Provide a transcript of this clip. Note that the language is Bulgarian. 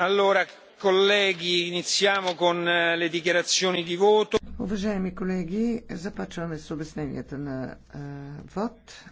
Allora, колеги, iniziamo con eh, le dichiarazioni di Уважаеми колеги, започваме с обясненията на е, вод.